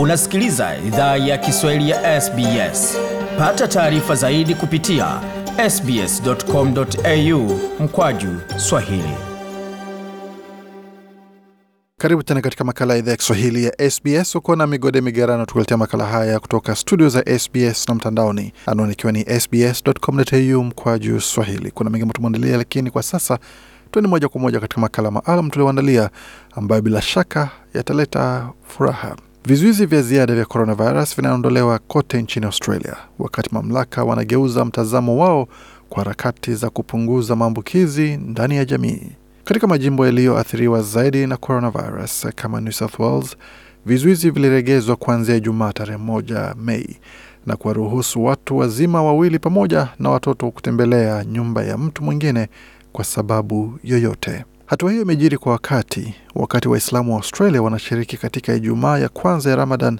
Unasikiliza idhaa ya Kiswahili ya SBS. Pata taarifa zaidi kupitia sbs.com.au mkwaju swahili. Karibu tena katika makala ya idhaa ya Kiswahili ya SBS. Uko na Migode Migerano tukuletea makala haya kutoka studio za SBS na mtandaoni, anwani ikiwa ni sbs.com.au mkwaju swahili. Kuna mengi tumeandalia, lakini kwa sasa tuende moja kwa moja katika makala maalum tulioandalia, ambayo bila shaka yataleta furaha Vizuizi vya ziada vya coronavirus vinaondolewa kote nchini Australia, wakati mamlaka wanageuza mtazamo wao kwa harakati za kupunguza maambukizi ndani ya jamii. Katika majimbo yaliyoathiriwa zaidi na coronavirus kama New South Wales, vizuizi viliregezwa kuanzia Ijumaa tarehe moja Mei na kuwaruhusu watu wazima wawili pamoja na watoto kutembelea nyumba ya mtu mwingine kwa sababu yoyote. Hatua hiyo imejiri kwa wakati wakati Waislamu wa Australia wanashiriki katika Ijumaa ya kwanza ya Ramadan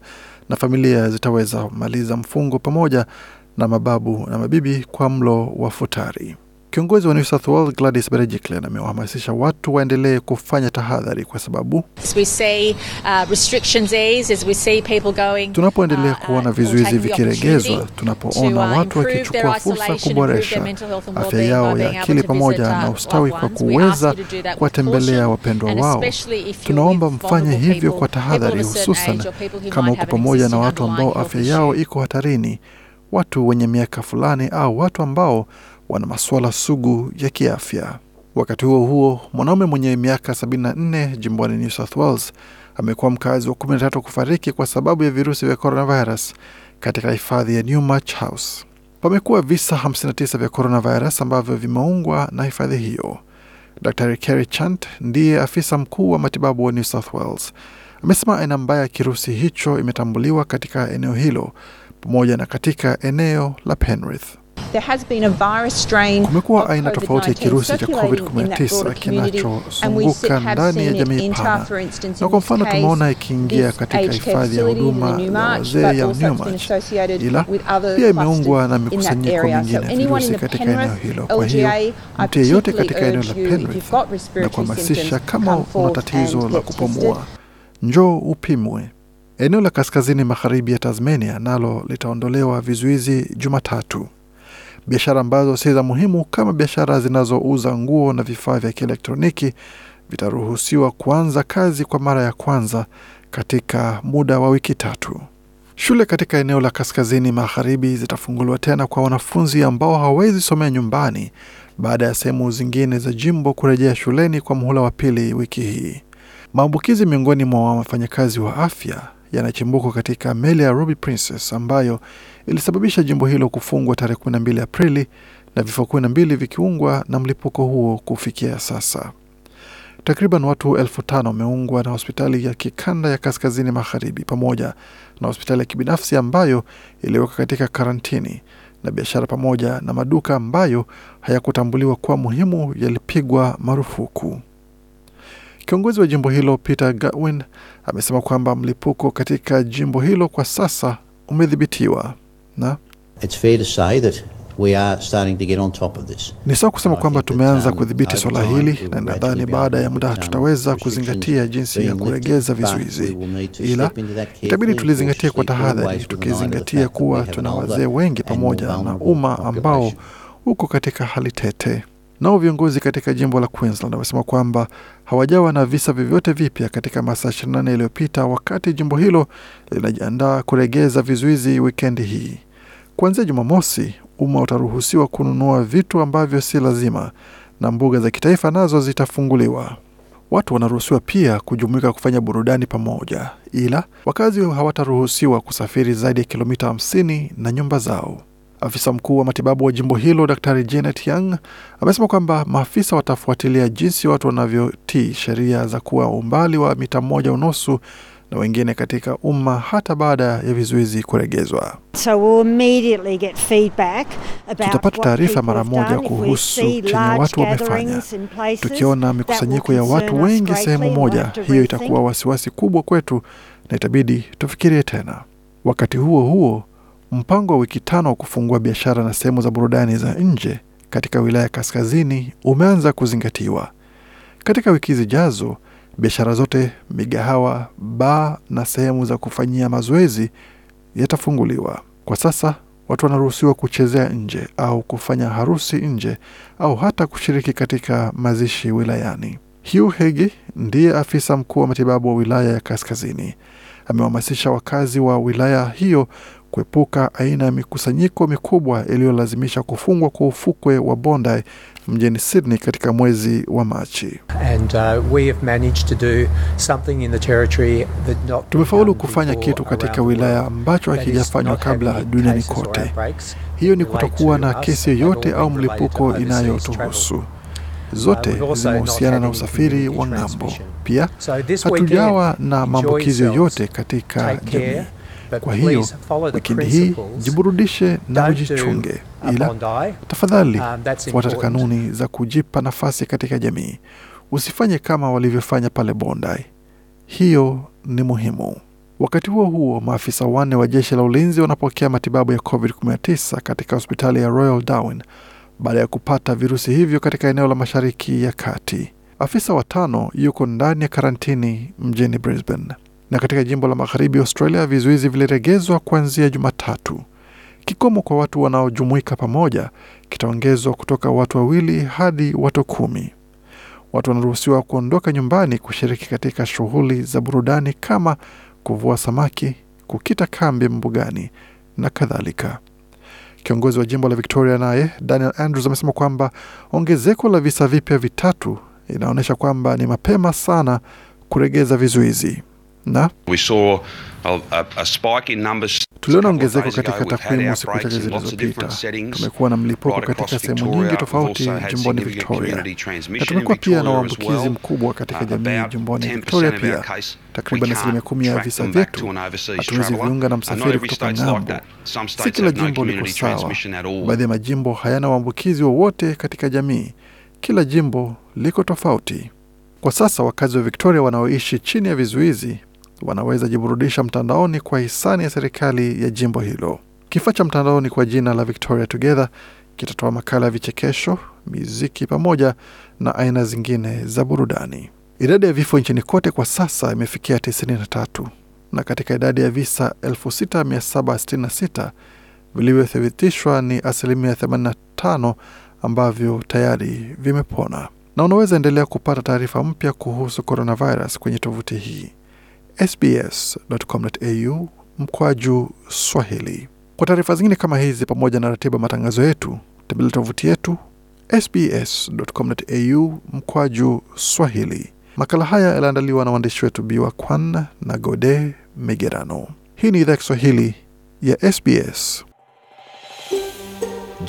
na familia zitaweza maliza mfungo pamoja na mababu na mabibi kwa mlo wa futari. Kiongozi wa New South Wales Gladys Berejiklian amewahamasisha watu waendelee kufanya tahadhari kwa sababu uh, tunapoendelea uh, kuona uh, vizuizi vikiregezwa, tunapoona uh, watu wakichukua fursa kuboresha afya yao ya akili pamoja na ustawi kwa kuweza kuwatembelea wapendwa wao, tunaomba mfanye hivyo kwa tahadhari, hususan kama uko pamoja na watu ambao afya yao iko hatarini, watu wenye miaka fulani au watu ambao wana masuala sugu ya kiafya. Wakati huo huo, mwanaume mwenye miaka 74 jimboni New South Wales amekuwa mkazi wa 13 kufariki kwa sababu ya virusi vya coronavirus katika hifadhi ya Newmarch House. Pamekuwa visa 59 vya coronavirus ambavyo vimeungwa na hifadhi hiyo. Dr Kerry Chant ndiye afisa mkuu wa matibabu wa New South Wales amesema aina mbaya ya kirusi hicho imetambuliwa katika eneo hilo pamoja na katika eneo la Penrith. Kumekuwa aina tofauti ya kirusi cha COVID-19 kinachozunguka ndani ya jamii pana, na kwa mfano tumeona ikiingia katika hifadhi ya huduma ya wazee ya Newmarch, ila pia imeungwa na mikusanyiko mingine virusi katika eneo hilo. Kwa hiyo mtu yeyote katika eneo la Penrith, na kuhamasisha kama una tatizo la kupumua, njoo upimwe. Eneo la kaskazini magharibi ya Tasmania nalo litaondolewa vizuizi Jumatatu biashara ambazo si za muhimu kama biashara zinazouza nguo na vifaa vya kielektroniki vitaruhusiwa kuanza kazi kwa mara ya kwanza katika muda wa wiki tatu. Shule katika eneo la kaskazini magharibi zitafunguliwa tena kwa wanafunzi ambao hawawezi somea nyumbani baada ya sehemu zingine za jimbo kurejea shuleni kwa muhula wa pili wiki hii. Maambukizi miongoni mwa wafanyakazi wa afya yanachimbuko katika meli ya Ruby Princess ambayo ilisababisha jimbo hilo kufungwa tarehe 12 Aprili na vifo 12 vikiungwa na mlipuko huo kufikia sasa. Takriban watu elfu tano wameungwa na hospitali ya kikanda ya kaskazini magharibi pamoja na hospitali ya kibinafsi ambayo iliwekwa katika karantini na biashara pamoja na maduka ambayo hayakutambuliwa kuwa muhimu yalipigwa marufuku. Kiongozi wa jimbo hilo Peter Gatwin amesema kwamba mlipuko katika jimbo hilo kwa sasa umedhibitiwa na It's fair to say that We are starting to get on top of this. Ni sawa kusema kwamba tumeanza kudhibiti swala hili na nadhani baada ya muda tutaweza kuzingatia jinsi ya kuregeza vizuizi, ila itabidi tulizingatia kwa tahadhari, tukizingatia kuwa tuna wazee wengi pamoja na umma ambao uko katika hali tete. Nao viongozi katika jimbo la Queensland wamesema kwamba hawajawa na visa vyovyote vipya katika masaa 24 yaliyopita, wakati jimbo hilo linajiandaa kuregeza vizuizi wikendi hii. Kuanzia Jumamosi, umma utaruhusiwa kununua vitu ambavyo si lazima na mbuga za kitaifa nazo zitafunguliwa. Watu wanaruhusiwa pia kujumuika kufanya burudani pamoja, ila wakazi hawataruhusiwa kusafiri zaidi ya kilomita 50 na nyumba zao. Afisa mkuu wa matibabu wa jimbo hilo Dr Janet Young amesema kwamba maafisa watafuatilia jinsi watu wanavyotii sheria za kuwa umbali wa mita moja unusu na wengine katika umma hata baada ya vizuizi kuregezwa. So tutapata taarifa mara moja kuhusu chenye watu wamefanya. Tukiona mikusanyiko ya watu wengi sehemu moja, hiyo itakuwa wasiwasi kubwa kwetu na itabidi tufikirie tena. Wakati huo huo, mpango wa wiki tano wa kufungua biashara na sehemu za burudani za nje katika wilaya kaskazini umeanza kuzingatiwa katika wiki zijazo biashara zote, migahawa, baa na sehemu za kufanyia mazoezi yatafunguliwa. Kwa sasa watu wanaruhusiwa kuchezea nje au kufanya harusi nje au hata kushiriki katika mazishi wilayani. Hugh Hegi ndiye afisa mkuu wa matibabu wa wilaya ya Kaskazini amewahamasisha wakazi wa wilaya hiyo kuepuka aina ya mikusanyiko mikubwa iliyolazimisha kufungwa kwa ufukwe wa Bondi mjini Sydney katika mwezi wa Machi. Uh, tumefaulu kufanya kitu katika wilaya ambacho hakijafanywa kabla duniani kote. Hiyo ni kutokuwa na kesi yoyote au mlipuko inayotuhusu. Zote uh, zimehusiana na usafiri wa ng'ambo pia hatujawa na maambukizi yoyote katika jamii. Kwa hiyo wikendi hii jiburudishe na ujichunge, ila tafadhali um, fuata kanuni za kujipa nafasi katika jamii. Usifanye kama walivyofanya pale Bondi. Hiyo ni muhimu. Wakati huo huo, maafisa wanne wa jeshi la ulinzi wanapokea matibabu ya COVID-19 katika hospitali ya Royal Darwin baada ya kupata virusi hivyo katika eneo la mashariki ya kati. Afisa watano yuko ndani ya karantini mjini Brisbane. Na katika jimbo la magharibi Australia, vizuizi viliregezwa kuanzia Jumatatu. Kikomo kwa watu wanaojumuika pamoja kitaongezwa kutoka watu wawili hadi watu kumi. Watu wanaruhusiwa kuondoka nyumbani kushiriki katika shughuli za burudani kama kuvua samaki, kukita kambi mbugani na kadhalika. Kiongozi wa jimbo la Victoria naye Daniel Andrews amesema kwamba ongezeko la visa vipya vitatu inaonyesha kwamba ni mapema sana kuregeza vizuizi na tuliona ongezeko katika takwimu siku chache zilizopita. Tumekuwa na mlipuko katika sehemu nyingi tofauti jimboni Victoria, na tumekuwa pia na uambukizi mkubwa katika uh, jamii jimboni Victoria pia. Takriban asilimia kumi ya visa vyetu hatuwezi viunga na msafiri kutoka ng'ambo. Si kila jimbo liko sawa, baadhi ya majimbo hayana uambukizi wowote katika jamii. Kila jimbo liko tofauti. Kwa sasa wakazi wa Victoria wanaoishi chini ya vizuizi wanaweza jiburudisha mtandaoni kwa hisani ya serikali ya jimbo hilo. Kifaa cha mtandaoni kwa jina la Victoria Together kitatoa makala ya vichekesho, miziki pamoja na aina zingine za burudani. Idadi ya vifo nchini kote kwa sasa imefikia 93 na katika idadi ya visa 6766 vilivyothibitishwa ni asilimia 85 ambavyo tayari vimepona na unaweza endelea kupata taarifa mpya kuhusu coronavirus kwenye tovuti hii sbs.com.au mkwaju Swahili. Kwa taarifa zingine kama hizi, pamoja na ratiba matangazo yetu, tembelea tovuti yetu sbs.com.au mkwaju Swahili. Makala haya yaliandaliwa na waandishi wetu Biwa Kwan na Gode Migerano. Hii ni idhaa Kiswahili ya SBS.